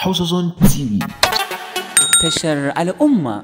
حصص تي في تشر الأمة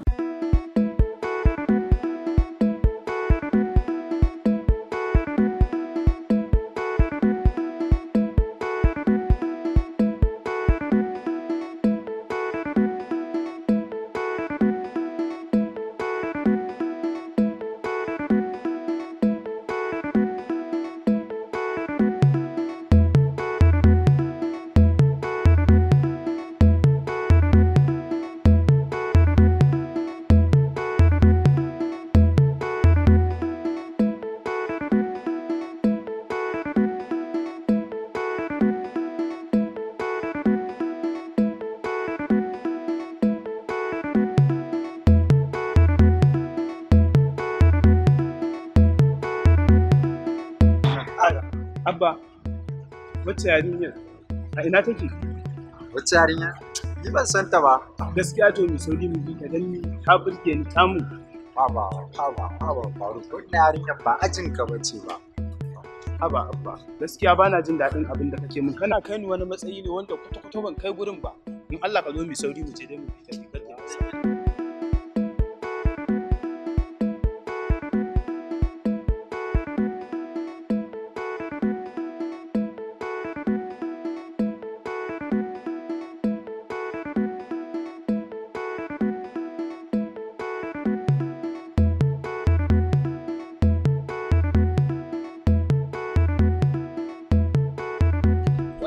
Abba, wacce yarinyar a ina take? Wacce yarinya? Ni ban san ta ba. Gaskiya to mu sauri mu bi ta dan ni ta burge ni ta mu. Haba, haba, haba, faru. Wannan yarinyar ba ajin ka bace ba. Haba, abba. Gaskiya bana jin daɗin abin da kake min. Kana kai ni wani matsayi ne wanda kwata-kwata ban kai gurin ba. In Allah ka zo mu sauri mu je dai mu bi ta bi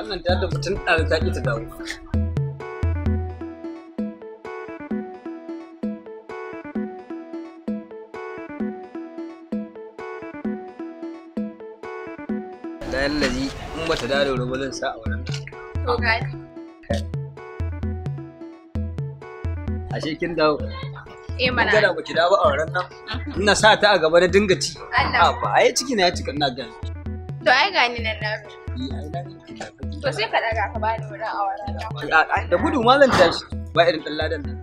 wannan da mutum ɗari ta ƙi ta dawo. Layan lazi in bata dawo da zan sa a wannan. To gani. Ashe kin dawo. Eh mana. Kada ba ki dawo a wurin nan. Mm-hmm. Ina sa ta a gaba da dinga ci. Allah. Ba ai ciki na ya cika ina gani. To ai ga ni nan na To sai ka daga ka bani wurin awara. Da gudu ma zan tashi ba irin dan ladan nan.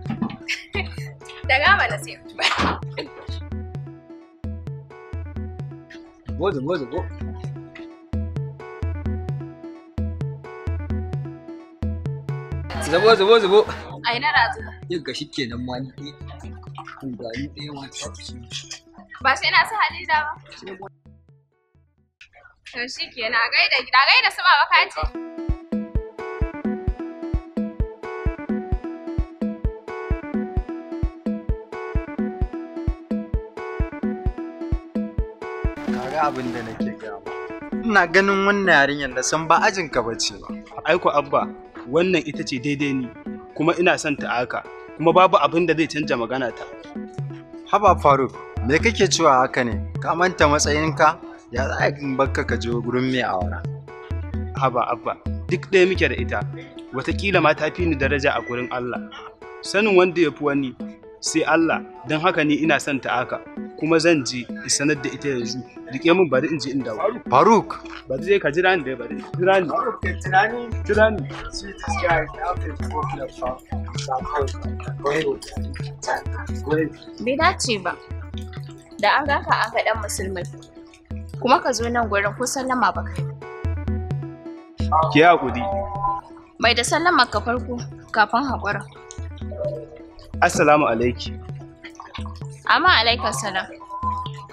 Da Daga mana sai. Gozo gozo go. Zubo zabo zabo. Ai na razu. Yin gashi kenan ma ni. Kun gani ɗaya wata. Ba sai na sa da ba. To shi gaida gida gaida su ka Kaga abin da nake Ina ganin wannan yarinyar da san ba ajin ba ce ba. Aiko abba wannan ita ce daidai ni kuma ina son ta haka kuma babu abin da zai canja magana ta. Haba Faruk, me kake cewa haka ne? Ka manta matsayinka? ya za a in bakka ka je gurin mai awara haba abba duk ɗaya muke da ita watakila ma ta fi ni daraja a gurin Allah sanin wanda ya fi wani sai Allah don haka ni ina son ta haka kuma zan ji in sanar da ita yanzu rike min bari in je in dawo Faruk ba zai ka jira ni dai bari jira ni jira ni jira ni bai dace ba da an gaka aka ɗan musulmai kuma ka zo nan gurin ko sallama ba kai ki hakuri mai da sallama ka farko kafin haƙura assalamu alaiki amma alaikar salam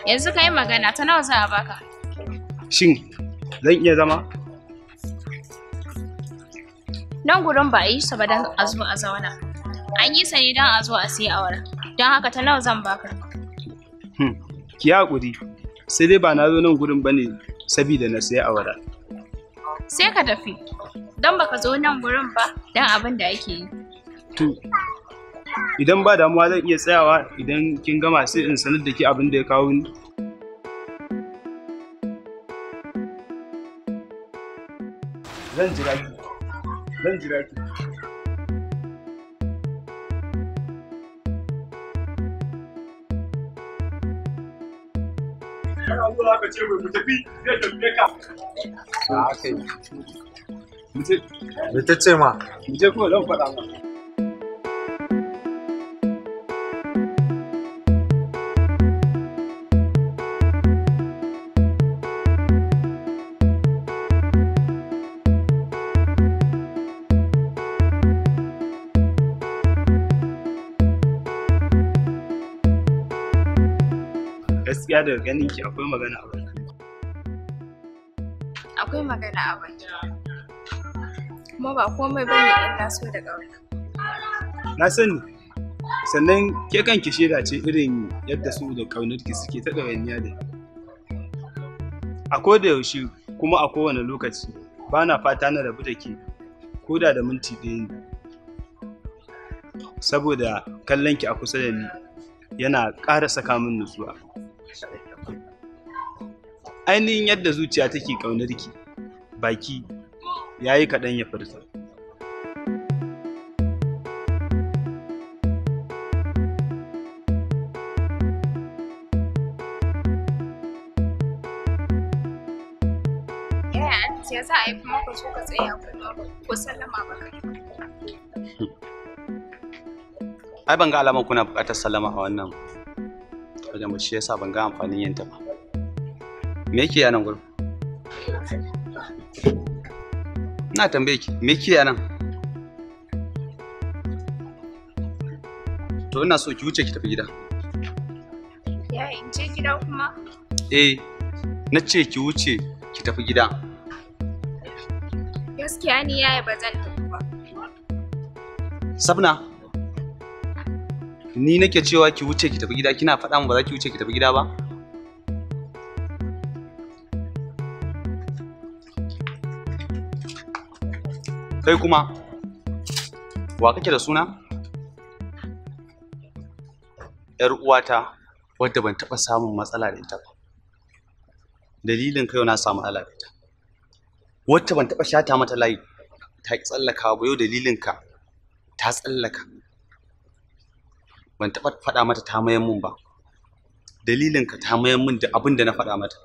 yanzu ka yi magana ta nawa za a baka shin zan iya zama nan gurin ba a yi sa ba don a zo a zauna an yi sa ne don a zo a sai wara. don haka ta nawa zan baka hmm, ki haƙuri sai dai ba na zo nan gurin bane sabida na sai awara sai ka tafi don baka zo nan gurin ba don abin da ake yi to idan ba damuwa zan iya tsayawa idan kin gama sai in sanar da ke abin da ya kawo ni zan jira ki zan jira ki Kana ma. Mu je kuma faɗa gaskiya daga ganin ki akwai magana a wannan akwai magana a wannan kuma ba komai bane in taso da ƙauna na sani sannan ke kanki shaida ce irin yadda su da kaunar ki suke ta ɗawainiya da a da yaushe kuma a kowane lokaci ba na fata na rabu da ke koda da minti ɗaya ne saboda kallon ki a kusa da ni yana ƙara saka min nutsuwa ainihin yadda zuciya take ki, baki ya yi kaɗan ya furta ya za a yi kuma ka sallama ba ai ban ga alamar kuna buƙatar sallama a wannan wajen ba shi yasa ban ga amfanin yin ta ba me yake a nan gurin ina tambaye ki me yake a nan to ina so ki wuce ki tafi gida ya in ce gida kuma eh na ce ki wuce ki tafi gida gaskiya ni yaya ba zan tafi ba sabna ni nake cewa ki wuce ki tafi gida kina faɗa mu ba za ki wuce ki tafi gida ba kai kuma wa kake da suna yar uwata wadda ban taɓa samun matsala da ita ba dalilin kai na samu matsala da ita wacce ban taɓa shata mata layi ta tsallaka ba yau dalilin ka ta tsallaka ban taɓa faɗa mata ta mayan mun ba dalilin ka ta mayan mun da abin da na faɗa mata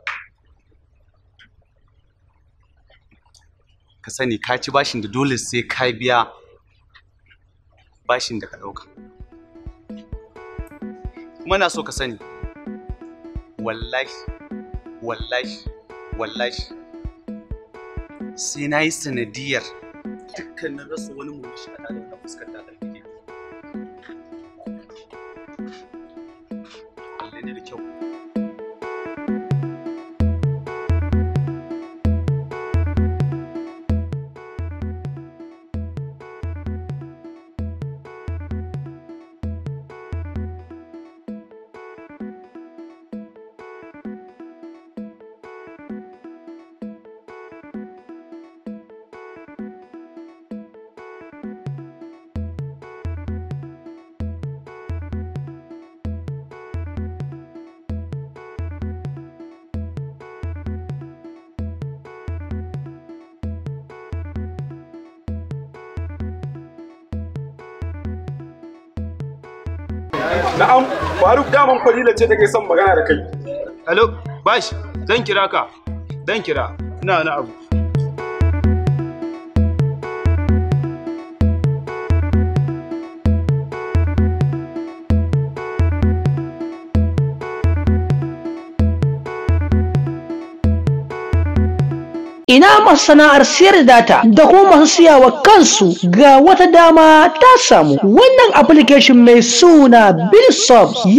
ka sani ka ci bashin da dole sai ka biya bashin da ka ɗauka kuma na so ka sani wallahi wallahi wallahi sai na yi sanadiyar dukkanin rasa wani murmushi a tare da fuskar ta daidai da kyau Na'am, Faruk daman falila ce take son magana da kai. Hello, Bash, zan kira ka. Zan kira. Ina na, abu. ina masana'ar siyar da data da kuma masu siyawa kansu ga wata dama ta samu wannan application mai suna bill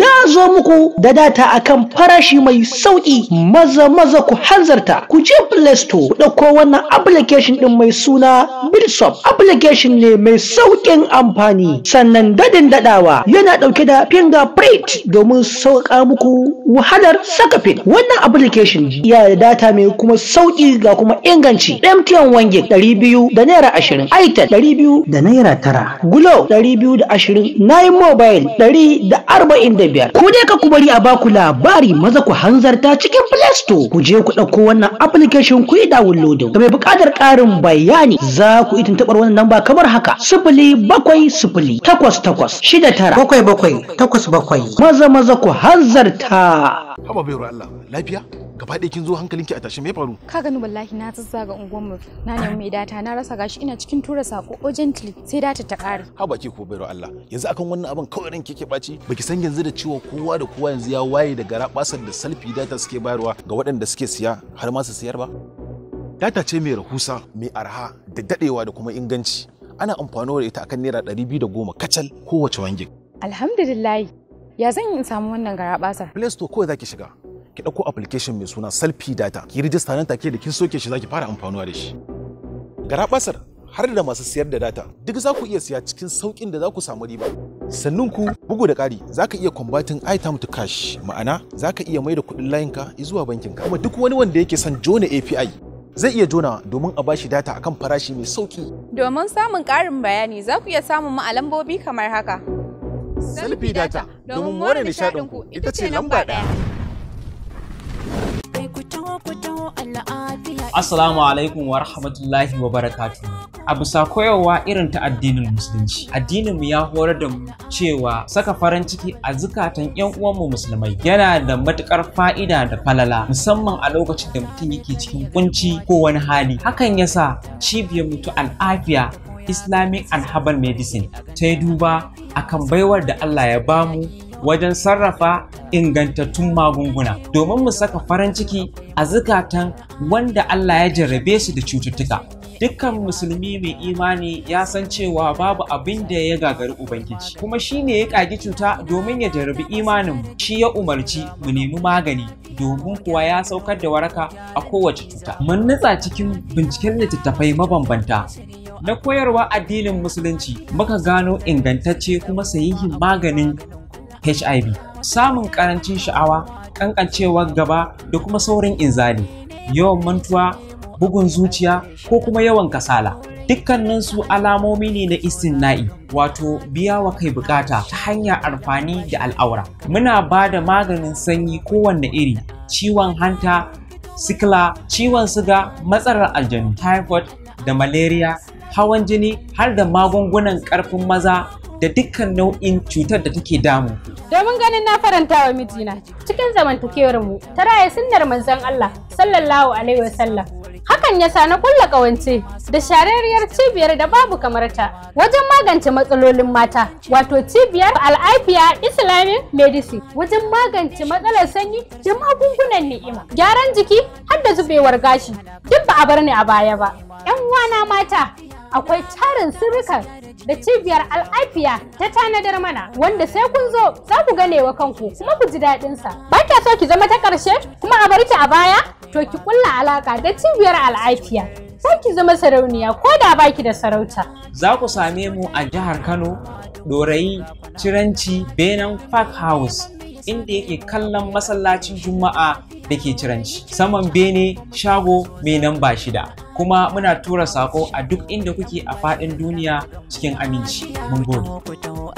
ya zo muku da data akan farashi mai sauki maza maza ku hanzarta ku je play store ku ɗauko wannan application din mai suna bill application ne mai sauƙin amfani sannan dadin dadawa yana ɗauke da fingerprint domin sauƙa muku wahalar saka pin wannan application ya da data mai kuma sauƙi ga kuma inganci MTN Wange ɗari biyu da naira ashirin Aitel ɗari biyu da naira tara Glo ɗari biyu da ashirin Nine Mobile ɗari da arba'in da biyar ku dai ka ku bari a baku labari maza ku hanzarta cikin Play Store ku je ku ɗauko wannan application ku yi downloading mai buƙatar ƙarin bayani za ku yi tuntuɓar wannan namba kamar haka sifili bakwai sifili takwas takwas shida tara bakwai bakwai takwas bakwai maza maza ku hanzarta. Haba Allah lafiya? gaba ɗaya kin zo hankalinki a tashi mai faru ka gani wallahi na zazzaga unguwar mu na nemi mai data na rasa gashi ina cikin tura sako urgently sai data ta kare ha baki ko bayro Allah yanzu akan wannan abin kawai ran kike baci baki san yanzu da ciwo kowa da kowa yanzu ya waye da gara da salfi data suke bayarwa ga waɗanda suke siya har ma su siyar ba data ce mai rahusa mai arha da dadewa da kuma inganci ana amfani da ita akan naira ɗari biyu da 210 kacal kowace wangin alhamdulillah ya zan in samu wannan garabasar place to za ki zaki shiga ki ɗauko application mai suna selfie data ki rijista nan take da kin soke shi zaki fara amfanuwa da shi garabasar har da masu siyar da data duk za ku iya siya cikin saukin da za ku samu riba sannan ku bugu da ƙari za ka iya combating item to cash ma'ana za ka iya mai da kuɗin ka zuwa ka kuma duk wani wanda yake son jona api zai iya jona domin a bashi data akan farashi mai sauƙi domin samun ƙarin bayani za ku iya samun mu a lambobi kamar haka selfie data domin more nishaɗinku ita ce lamba ɗaya Assalamu alaikum wa rahmatullahi wa barakatu. A bisa koyarwa irin ta addinin musulunci, addininmu ya horar da mu cewa saka farin ciki a zukatan 'yan uwanmu musulmai yana da matukar fa'ida da falala musamman a lokacin da mutum yake cikin kunci ko wani hali. Hakan yasa cibiyar mutu al'afiya Islamic and Herbal Medicine ta yi duba akan baiwar da Allah ya bamu wajen sarrafa ingantattun magunguna domin mu saka farin ciki a zukatan wanda Allah ya jarrabe su da cututtuka. Dukkan musulmi mai imani ya san cewa babu abin da ya gagari Ubangiji, kuma shi ne ya ƙagi cuta domin ya jarrabi imanin shi ya umarci mu nemi magani domin kuwa ya saukar da waraka a kowace cuta. Mun nutsa cikin binciken littattafai mabambanta na koyarwa addinin musulunci muka gano ingantacce kuma sahihin maganin HIV, samun ƙarancin sha'awa, ƙanƙancewar gaba da kuma saurin inzali, yawan mantuwa, bugun zuciya ko kuma yawan kasala. dukkanin su alamomi ne na istinna'i wato biya wa kai bukata ta hanyar amfani da al'aura. Muna ba da maganin sanyi kowanne iri, ciwon hanta, sikila, ciwon siga, matsalar aljanu, typhoid da malaria hawan jini har da magungunan ƙarfin maza da dukkan nau'in cutar da take damu. Domin ganin na faranta wa mijina cikin zamantakewar mu ta raya sunnar manzon Allah sallallahu alaihi wasallam. Hakan ya sa na kulla kawance da shararriyar cibiyar da babu kamar ta wajen magance matsalolin mata wato cibiyar Al'afiya Islamic Medicine wajen magance matsalar sanyi da magungunan ni'ima gyaran jiki har da zubewar gashi duk ba a bar ni a baya ba. 'Yan uwana mata akwai tarin sirrika da cibiyar al'afiya ta tanadar mana wanda sai kun zo za ku gane wa kanku kuma ku ji daɗin sa. Ba kya so ki zama ta ƙarshe kuma a bar ki a baya to ki kulla alaƙa da cibiyar al'afiya. ko ki zama sarauniya ko da ba ki da sarauta. Za ku same mu a jihar Kano, Dorayi, Ciranci, Benin Park House. inda yake kallon masallacin juma'a da ke ciranci saman bene shago mai namba shida kuma muna tura sako a duk inda kuke a faɗin duniya cikin aminci. Mun gode.